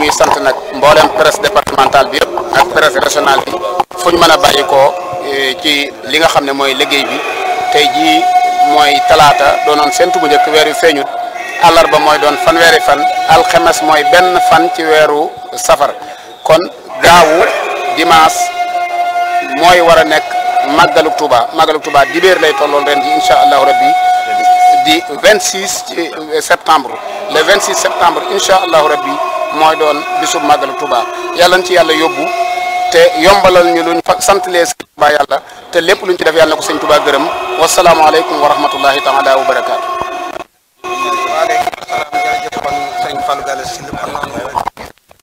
ñuy sant nag mboolem presse départementale bi yëpp ak presse régionale bi fu ñu mën a bàyyi ko eh, ci li nga xam ne mooy liggéey bi tey jii mooy talaata doonoon séntu bu njëkk weer yu feeñut àllarba mooy doon fanweeri fan alxemes mooy benn fan ci weeru safar kon gaawu dimanche mooy war a nekk màggalu Touba màggalu Touba dibéer lay tolloon ren ji incha allahu rabbi di 26 eh, septembre le 26 septembre incha allahu rabbi mooy doon bisub màggalu Touba yàlla na ci yàlla yóbbu te yombalal ñu luñ sant lee sëñ Touba yàlla te lépp luñ ci def yàlla na ko sëñ tubaa gërëm wasalaamualeykum wa rahmatullahi taala wa barakaatu. waaleykum salaam jërëjëf kon sëñ Fallou Galass si